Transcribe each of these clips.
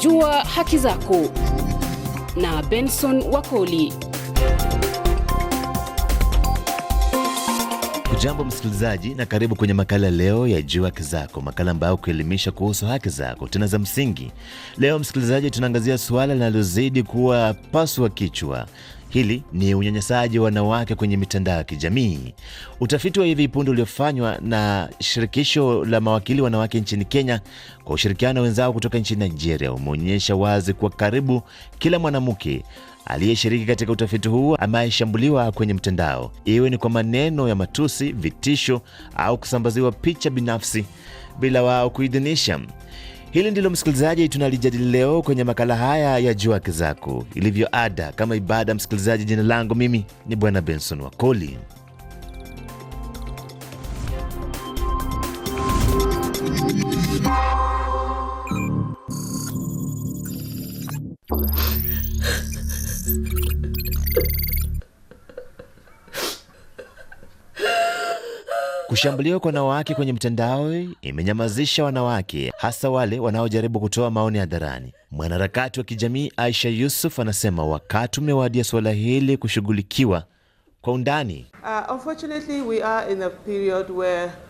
Jua haki zako na Benson Wakoli. Ujambo msikilizaji, na karibu kwenye makala leo ya Jua Haki Zako, makala ambayo kuelimisha kuhusu haki zako tena za msingi. Leo msikilizaji, tunaangazia suala linalozidi kuwa paswa kichwa. Hili ni unyanyasaji wa wanawake kwenye mitandao ya kijamii. Utafiti wa hivi punde uliofanywa na shirikisho la mawakili wanawake nchini Kenya kwa ushirikiano wenzao kutoka nchini Nigeria umeonyesha wazi kuwa karibu kila mwanamke aliyeshiriki katika utafiti huu ameshambuliwa kwenye mtandao, iwe ni kwa maneno ya matusi, vitisho au kusambaziwa picha binafsi bila wao kuidhinisha. Hili ndilo msikilizaji, tunalijadili leo kwenye makala haya ya Jua Haki Zako. Ilivyo ada, kama ibada, msikilizaji, jina langu mimi ni Bwana Benson Wakoli. Kushambuliwa kwa wanawake kwenye mtandao imenyamazisha wanawake, hasa wale wanaojaribu kutoa maoni hadharani. Mwanaharakati wa kijamii Aisha Yusuf anasema wakati umewadia suala hili kushughulikiwa kwa undani. Uh,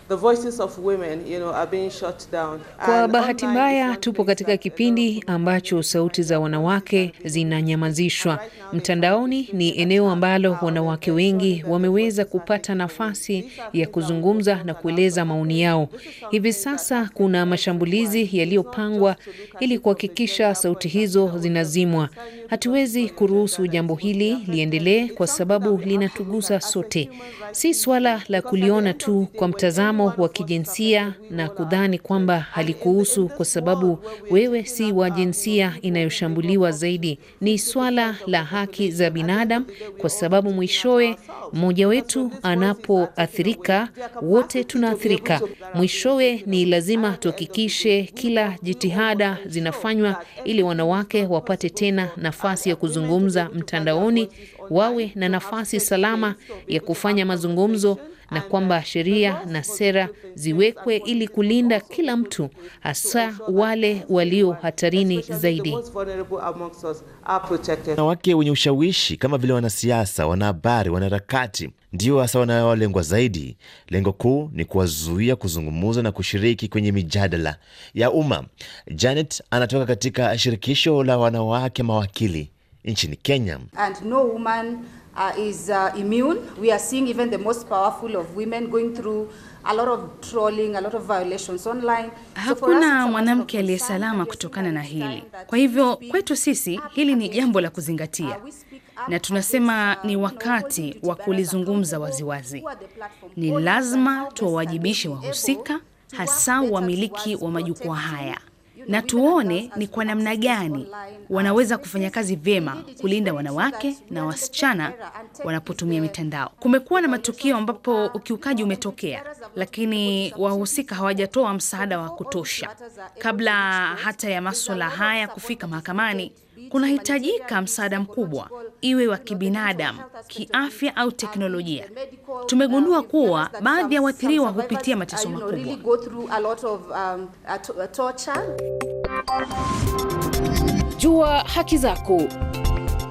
The voices of women, you know, are being shut down. Kwa bahati mbaya tupo katika kipindi ambacho sauti za wanawake zinanyamazishwa. Mtandaoni ni eneo ambalo wanawake wengi wameweza kupata nafasi ya kuzungumza na kueleza maoni yao. Hivi sasa kuna mashambulizi yaliyopangwa ili kuhakikisha sauti hizo zinazimwa. Hatuwezi kuruhusu jambo hili liendelee kwa sababu linatugusa sote. Si swala la kuliona tu kwa mtazamo mtazamo wa kijinsia na kudhani kwamba halikuhusu kwa sababu wewe si wa jinsia inayoshambuliwa zaidi. Ni swala la haki za binadamu, kwa sababu mwishowe mmoja wetu anapoathirika, wote tunaathirika. Mwishowe ni lazima tuhakikishe kila jitihada zinafanywa ili wanawake wapate tena nafasi ya kuzungumza mtandaoni, wawe na nafasi salama ya kufanya mazungumzo na kwamba sheria na sera ziwekwe ili kulinda kila mtu, hasa wale walio hatarini zaidi. Wanawake wenye ushawishi kama vile wanasiasa, wanahabari, wanaharakati ndio hasa wanaolengwa zaidi. Lengo kuu ni kuwazuia kuzungumza na kushiriki kwenye mijadala ya umma. Janet anatoka katika shirikisho la wanawake mawakili nchini Kenya. And no woman uh, is uh, immune. We are seeing even the most powerful of women going through a lot of trolling, a lot of violations online. Hakuna so mwanamke aliye salama kutokana na hili. Kwa hivyo kwetu sisi hili ni jambo la uh, kuzingatia na tunasema ni uh, wakati wa kulizungumza waziwazi. Ni lazima tuwawajibishe wahusika, hasa wamiliki wa majukwaa haya na tuone ni kwa namna gani wanaweza kufanya kazi vyema kulinda wanawake na wasichana wanapotumia mitandao. Kumekuwa na matukio ambapo ukiukaji umetokea, lakini wahusika hawajatoa msaada wa kutosha. Kabla hata ya maswala haya kufika mahakamani, kunahitajika msaada mkubwa, iwe wa kibinadamu, kiafya au teknolojia. Tumegundua kuwa baadhi ya waathiriwa hupitia mateso makubwa. Jua haki zako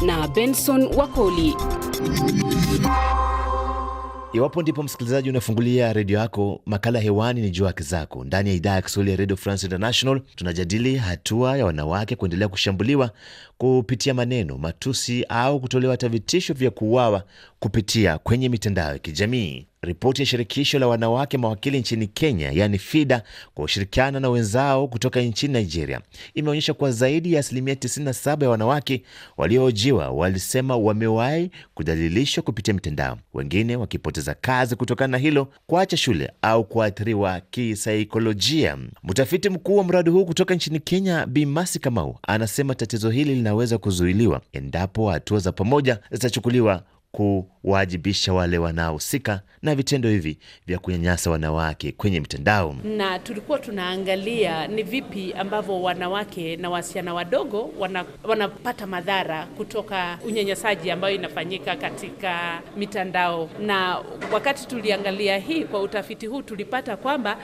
na Benson Wakoli. Iwapo ndipo msikilizaji unafungulia redio yako, makala hewani ni Jua Haki Zako ndani ya idhaa ya Kiswahili ya Radio France International. Tunajadili hatua ya wanawake kuendelea kushambuliwa kupitia maneno, matusi au kutolewa hata vitisho vya kuuawa kupitia kwenye mitandao ya kijamii. Ripoti ya shirikisho la wanawake mawakili nchini Kenya, yani FIDA, kwa ushirikiano na wenzao kutoka nchini Nigeria imeonyesha kuwa zaidi ya asilimia 97 ya wanawake waliohojiwa walisema wamewahi kudhalilishwa kupitia mitandao, wengine wakipoteza kazi kutokana na hilo, kuacha shule au kuathiriwa kisaikolojia. Mtafiti mkuu wa mradi huu kutoka nchini Kenya, Bi Masi Kamau, anasema tatizo hili linaweza kuzuiliwa endapo hatua za pamoja zitachukuliwa kuwajibisha wale wanaohusika na vitendo hivi vya kunyanyasa wanawake kwenye mitandao. Na tulikuwa tunaangalia ni vipi ambavyo wanawake na wasichana wadogo wana, wanapata madhara kutoka unyanyasaji ambayo inafanyika katika mitandao. Na wakati tuliangalia hii kwa utafiti huu tulipata kwamba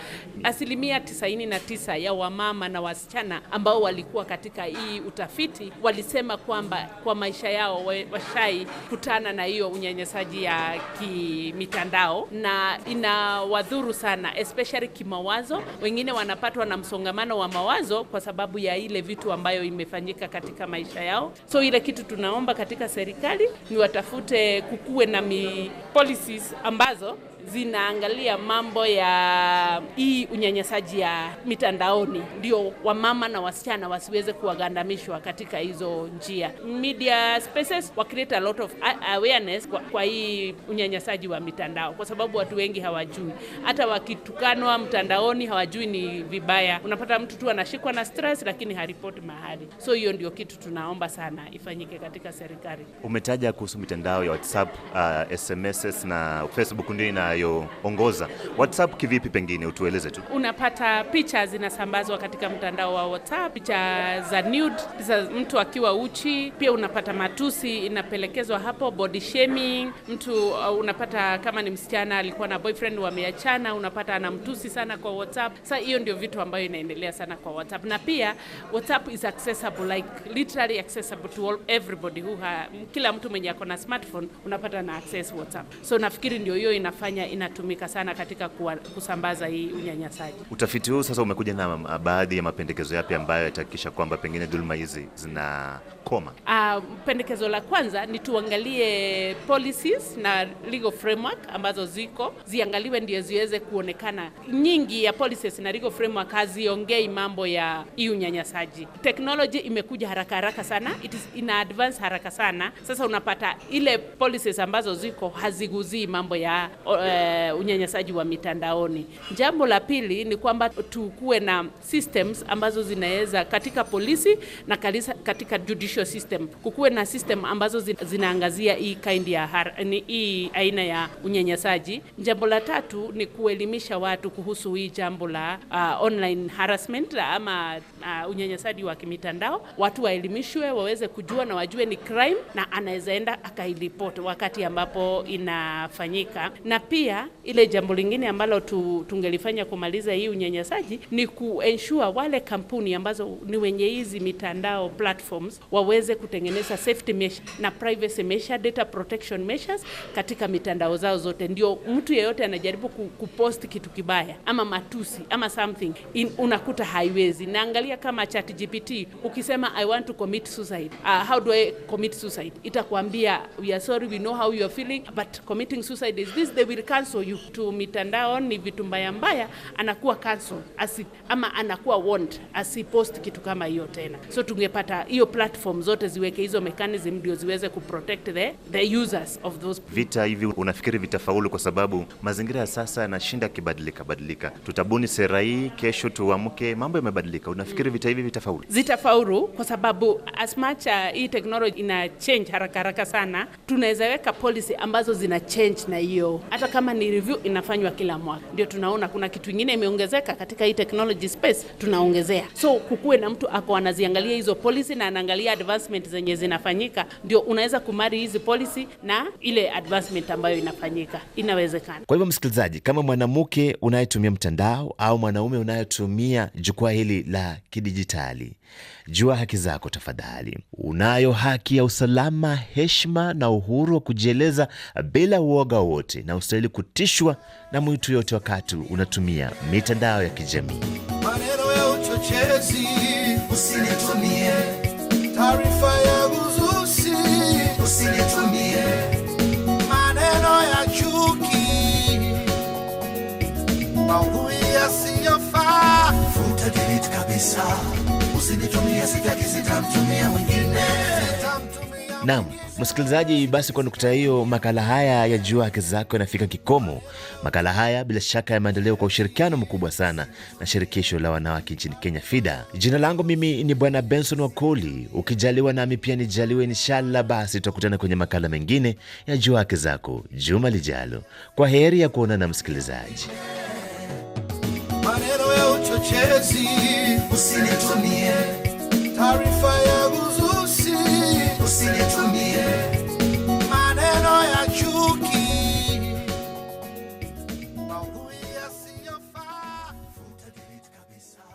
asilimia 99 ya wamama na wasichana ambao walikuwa katika hii utafiti walisema kwamba kwa maisha yao washai kutana na hiyo hiyo unyanyasaji ya kimitandao na inawadhuru sana especially kimawazo. Wengine wanapatwa na msongamano wa mawazo kwa sababu ya ile vitu ambayo imefanyika katika maisha yao. So ile kitu tunaomba katika serikali ni watafute, kukuwe na mi policies ambazo zinaangalia mambo ya hii unyanyasaji ya mitandaoni, ndio wamama na wasichana wasiweze kuwagandamishwa katika hizo njia. Media spaces wa create a lot of awareness kwa, kwa hii unyanyasaji wa mitandao, kwa sababu watu wengi hawajui. Hata wakitukanwa mtandaoni hawajui ni vibaya. Unapata mtu tu anashikwa na stress, lakini haripoti mahali. So hiyo ndio kitu tunaomba sana ifanyike katika serikali. Umetaja kuhusu mitandao ya WhatsApp, uh, SMSs na Facebook ndio ina inayoongoza. WhatsApp kivipi, pengine utueleze tu? Unapata picha zinasambazwa katika mtandao wa WhatsApp, picha za nude, za mtu akiwa uchi. Pia unapata matusi inapelekezwa hapo, body shaming. Mtu uh, unapata kama ni msichana alikuwa na boyfriend wameachana, unapata anamtusi sana kwa WhatsApp. Sasa hiyo ndio vitu ambayo inaendelea sana kwa WhatsApp, na pia WhatsApp is accessible like literally accessible to all, everybody who ha, kila mtu mwenye ako na smartphone unapata na access WhatsApp. So nafikiri ndio hiyo inafanya Kenya inatumika sana katika kuwa, kusambaza hii unyanyasaji. Utafiti huu sasa umekuja na uh, baadhi ya mapendekezo yapi ambayo yatahakikisha kwamba pengine dhuluma hizi zinakoma? Uh, pendekezo la kwanza ni tuangalie policies na legal framework ambazo ziko ziangaliwe, ndio ziweze kuonekana. Nyingi ya policies na legal framework haziongei mambo ya hii unyanyasaji. Teknoloji imekuja haraka haraka sana, it is ina advance haraka sana. Sasa unapata ile policies ambazo ziko haziguzii mambo ya uh, uh, unyanyasaji wa mitandaoni. Jambo la pili ni kwamba tukuwe na systems ambazo zinaweza katika polisi na katika judicial system, kukuwe na system ambazo zinaangazia hii kind ya hii aina ya unyanyasaji. Jambo la tatu ni kuelimisha watu kuhusu hii jambo la uh, online harassment ama uh, unyanyasaji wa kimitandao. Watu waelimishwe, waweze kujua na wajue ni crime na anaweza enda akairipoti wakati ambapo inafanyika na pia pia ile jambo lingine ambalo tu, tungelifanya kumaliza hii unyanyasaji ni kuensure wale kampuni ambazo ni wenye hizi mitandao platforms waweze kutengeneza safety measure na privacy measure, data protection measures katika mitandao zao zote, ndio mtu yeyote anajaribu kupost kitu kibaya ama matusi ama something in, unakuta haiwezi. Naangalia kama chat GPT, ukisema I want to commit suicide. Uh, how do I commit suicide? itakuambia we are sorry, we know how you are feeling but committing suicide is this, they will cancel you to ni vitu mbaya mbaya, anakuwa cancel asi, ama anakuwa warned asipost kitu kama hiyo tena. So tungepata hiyo platform zote ziweke hizo mechanism ndio ziweze kuprotect the, the users of those. Vita hivi unafikiri vitafaulu? Kwa sababu mazingira ya sasa yanashinda kibadilika badilika, tutabuni sera hii, kesho tuamke, mambo yamebadilika. Unafikiri vita hivi vitafaulu? Zitafaulu kwa sababu as much uh, hii technology ina change haraka haraka sana, tunaweza weka policy ambazo zina change na hiyo hata kama ni review inafanywa kila mwaka. Ndio tunaona kuna kitu ingine imeongezeka katika hii technology space, tunaongezea. So kukuwe na mtu ako anaziangalia hizo policy na anaangalia advancement zenye zinafanyika, ndio unaweza kumari hizi policy na ile advancement ambayo inafanyika, inawezekana. Kwa hivyo, msikilizaji, kama mwanamke unayetumia mtandao au mwanaume unayetumia jukwaa hili la kidijitali, jua haki zako tafadhali. Unayo haki ya usalama, heshima na uhuru wa kujieleza bila uoga wote na hustahili kutishwa na mwitu yote wakati unatumia mitandao ya kijamii. Maneno ya uchochezi usinitumie, taarifa ya usinitumie, maneno ya chuki, maudhui yasiyofaa futa, delete kabisa, usinitumie, sitaki, sitamtumia mwingine Naam, msikilizaji, basi kwa nukta hiyo, makala haya ya Jua Haki Zako yanafika kikomo. Makala haya bila shaka yameandaliwa kwa ushirikiano mkubwa sana na shirikisho la wanawake nchini Kenya, FIDA. Jina langu mimi ni Bwana Benson Wakoli. Ukijaliwa nami pia nijaliwe, inshallah, basi tutakutana kwenye makala mengine ya Jua Haki Zako juma lijalo. Kwa heri ya kuonana, msikilizaji. Maneno ya uchochezi usinitumie, taarifa ya